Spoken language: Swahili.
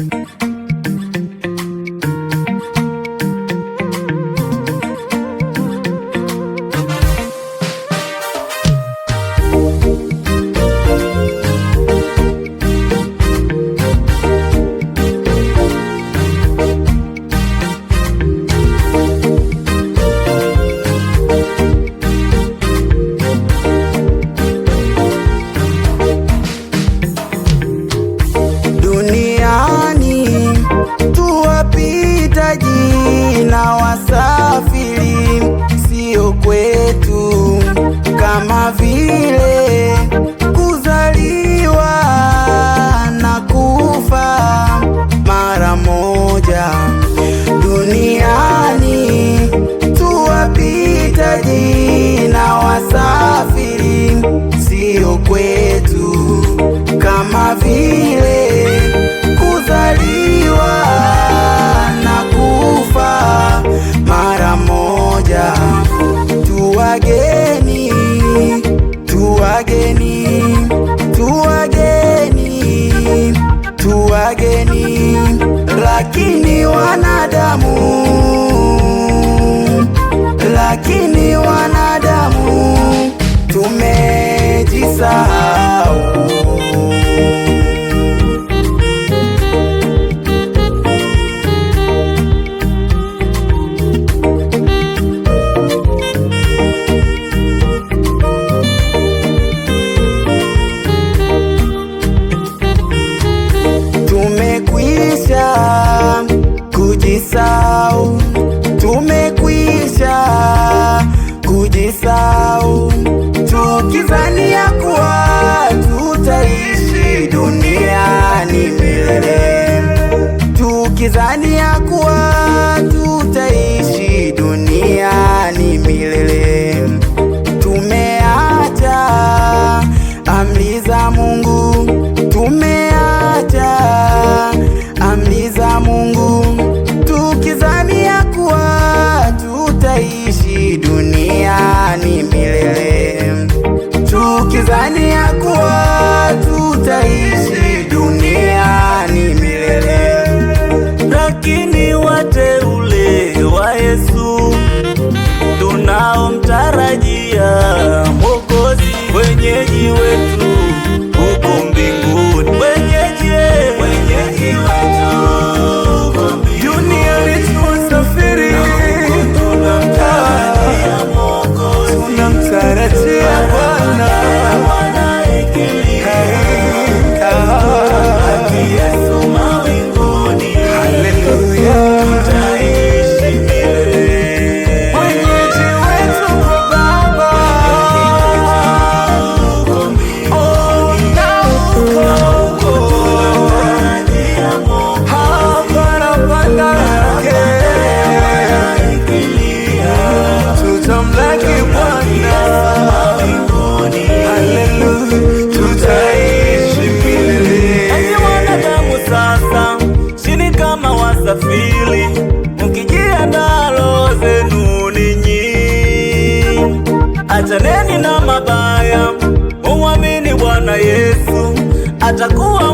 Thank you. wageni, tu tuwageni, lakini wanadamu, lakini wanadamu tumejisa milele. Tumeacha amri za Mungu, tumeacha amri za Mungu tukizania kuwa tutaishi duniani milele, tukizania kuwa tutaishi atakuwa